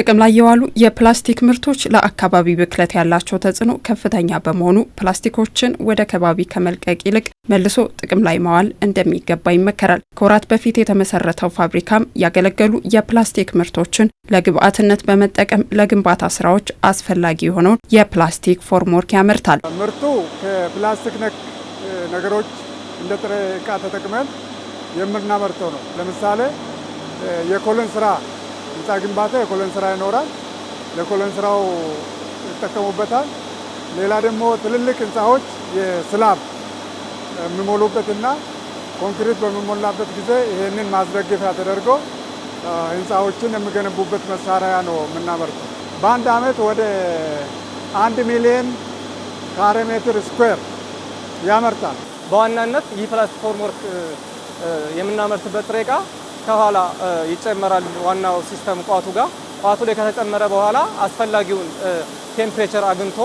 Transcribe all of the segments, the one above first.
ጥቅም ላይ የዋሉ የፕላስቲክ ምርቶች ለአካባቢ ብክለት ያላቸው ተጽዕኖ ከፍተኛ በመሆኑ ፕላስቲኮችን ወደ ከባቢ ከመልቀቅ ይልቅ መልሶ ጥቅም ላይ ማዋል እንደሚገባ ይመከራል። ከወራት በፊት የተመሰረተው ፋብሪካም ያገለገሉ የፕላስቲክ ምርቶችን ለግብአትነት በመጠቀም ለግንባታ ስራዎች አስፈላጊ የሆነውን የፕላስቲክ ፎርምወርክ ያመርታል። ምርቱ ከፕላስቲክ ነክ ነገሮች እንደ ጥሬ ዕቃ ተጠቅመን የምናመርተው ነው። ለምሳሌ የኮልን ስራ ህንፃ ግንባታ የኮለን ስራ ይኖራል። ለኮለን ስራው ይጠቀሙበታል። ሌላ ደግሞ ትልልቅ ህንፃዎች የስላብ የሚሞሉበትና ኮንክሪት በሚሞላበት ጊዜ ይህንን ማስደገፊያ ተደርጎ ህንፃዎችን የሚገነቡበት መሳሪያ ነው የምናመርተው። በአንድ አመት ወደ አንድ ሚሊዮን ካሬ ሜትር ስኩዌር ያመርታል። በዋናነት ይህ ፕላስቲክ ፎርምወርክ የምናመርትበት ጥሬ ዕቃ ከኋላ ይጨመራል ዋናው ሲስተም ቋቱ ጋር። ቋቱ ላይ ከተጨመረ በኋላ አስፈላጊውን ቴምፕሬቸር አግኝቶ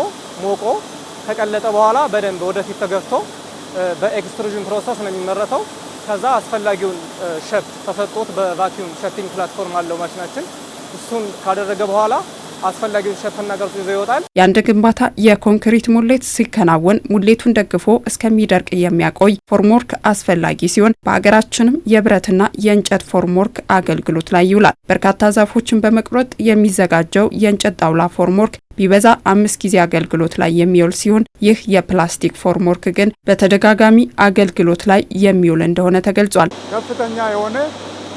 ሞቆ ከቀለጠ በኋላ በደንብ ወደፊት ተገፍቶ በኤክስትሩዥን ፕሮሰስ ነው የሚመረተው። ከዛ አስፈላጊውን ሸፕ ተሰጥቶት በቫኪዩም ሸፒንግ ፕላትፎርም አለው ማሽናችን። እሱን ካደረገ በኋላ አስፈላጊውን ሸፈን ነገር ይዞ ይወጣል። የአንድ ግንባታ የኮንክሪት ሙሌት ሲከናወን ሙሌቱን ደግፎ እስከሚደርቅ የሚያቆይ ፎርምወርክ አስፈላጊ ሲሆን በሀገራችንም የብረትና የእንጨት ፎርምወርክ አገልግሎት ላይ ይውላል። በርካታ ዛፎችን በመቁረጥ የሚዘጋጀው የእንጨት ጣውላ ፎርምወርክ ቢበዛ አምስት ጊዜ አገልግሎት ላይ የሚውል ሲሆን ይህ የፕላስቲክ ፎርምወርክ ግን በተደጋጋሚ አገልግሎት ላይ የሚውል እንደሆነ ተገልጿል። ከፍተኛ የሆነ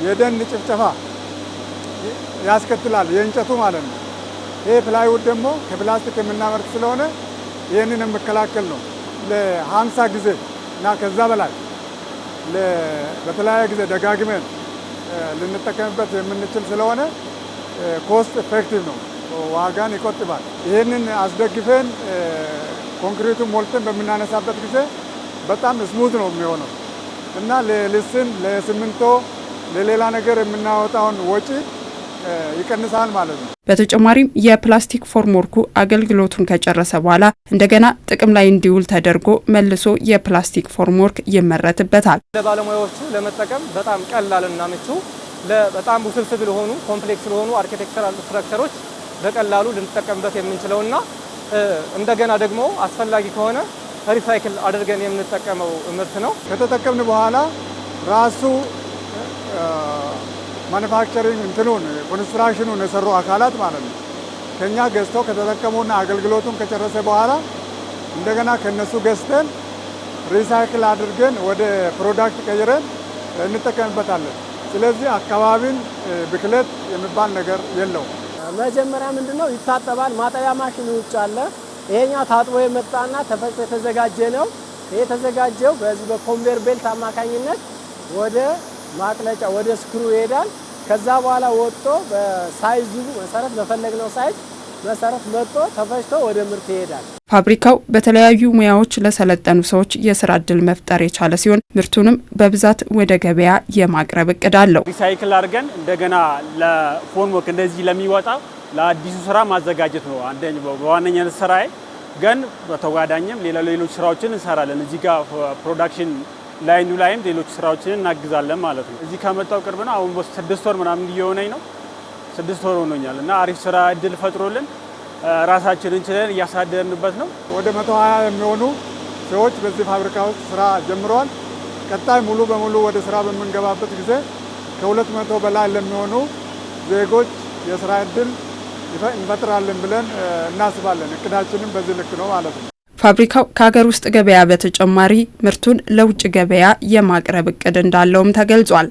የደን ጭፍጨፋ ያስከትላል፣ የእንጨቱ ማለት ነው። ይህ ፕላይውድ ደግሞ ከፕላስቲክ የምናመርት ስለሆነ ይህንን የምከላከል ነው። ለሀምሳ ጊዜ እና ከዛ በላይ በተለያየ ጊዜ ደጋግመን ልንጠቀምበት የምንችል ስለሆነ ኮስት ኤፌክቲቭ ነው፣ ዋጋን ይቆጥባል። ይህንን አስደግፈን ኮንክሪቱን ሞልተን በምናነሳበት ጊዜ በጣም ስሙዝ ነው የሚሆነው እና ለልስን ለስምንቶ ለሌላ ነገር የምናወጣውን ወጪ ይቀንሳል ማለት ነው። በተጨማሪም የፕላስቲክ ፎርምወርኩ አገልግሎቱን ከጨረሰ በኋላ እንደገና ጥቅም ላይ እንዲውል ተደርጎ መልሶ የፕላስቲክ ፎርምወርክ ይመረትበታል። ለባለሙያዎቹ ለመጠቀም በጣም ቀላልና ምቹ በጣም ውስብስብ ለሆኑ ኮምፕሌክስ ለሆኑ አርኪቴክቸራል ስትራክቸሮች በቀላሉ ልንጠቀምበት የምንችለውና እንደገና ደግሞ አስፈላጊ ከሆነ ሪሳይክል አድርገን የምንጠቀመው ምርት ነው። ከተጠቀምን በኋላ ራሱ ማኑፋክቸሪንግ እንትኑን ኮንስትራክሽኑን የሰሩ አካላት ማለት ነው ከኛ ገዝቶ ከተጠቀሙና አገልግሎቱን ከጨረሰ በኋላ እንደገና ከነሱ ገዝተን ሪሳይክል አድርገን ወደ ፕሮዳክት ቀይረን እንጠቀምበታለን። ስለዚህ አካባቢን ብክለት የሚባል ነገር የለውም። መጀመሪያ ምንድን ነው ይታጠባል። ማጠቢያ ማሽን ውጭ አለ። ይሄኛው ታጥቦ የመጣና ተፈጭቶ የተዘጋጀ ነው። ይሄ የተዘጋጀው በዚህ በኮንቬር ቤልት አማካኝነት ወደ ማቅለጫ ወደ ስክሩ ይሄዳል። ከዛ በኋላ ወጥቶ በሳይዙ መሰረት በፈለግነው ሳይዝ መሰረት መጥቶ ተፈጭቶ ወደ ምርት ይሄዳል። ፋብሪካው በተለያዩ ሙያዎች ለሰለጠኑ ሰዎች የስራ እድል መፍጠር የቻለ ሲሆን ምርቱንም በብዛት ወደ ገበያ የማቅረብ እቅድ አለው። ሪሳይክል አድርገን እንደገና ለፎርምወርክ እንደዚህ ለሚወጣ ለአዲሱ ስራ ማዘጋጀት ነው አንደኛ በዋነኛነት ስራዬ። ግን በተጓዳኝም ሌላ ሌሎች ስራዎችን እንሰራለን። እዚህ ጋር ፕሮዳክሽን ላይኑ ላይም ሌሎች ስራዎችን እናግዛለን ማለት ነው። እዚህ ከመጣው ቅርብ ነው። አሁን ስድስት ወር ምናምን እየሆነኝ ነው። ስድስት ወር ሆኖኛል እና አሪፍ ስራ እድል ፈጥሮልን ራሳችንን ችለን እያሳደርንበት ነው። ወደ መቶ ሀያ የሚሆኑ ሰዎች በዚህ ፋብሪካ ውስጥ ስራ ጀምረዋል። ቀጣይ ሙሉ በሙሉ ወደ ስራ በምንገባበት ጊዜ ከሁለት መቶ በላይ ለሚሆኑ ዜጎች የስራ እድል እንፈጥራለን ብለን እናስባለን። እቅዳችንም በዚህ ልክ ነው ማለት ነው። ፋብሪካው ከሀገር ውስጥ ገበያ በተጨማሪ ምርቱን ለውጭ ገበያ የማቅረብ እቅድ እንዳለውም ተገልጿል።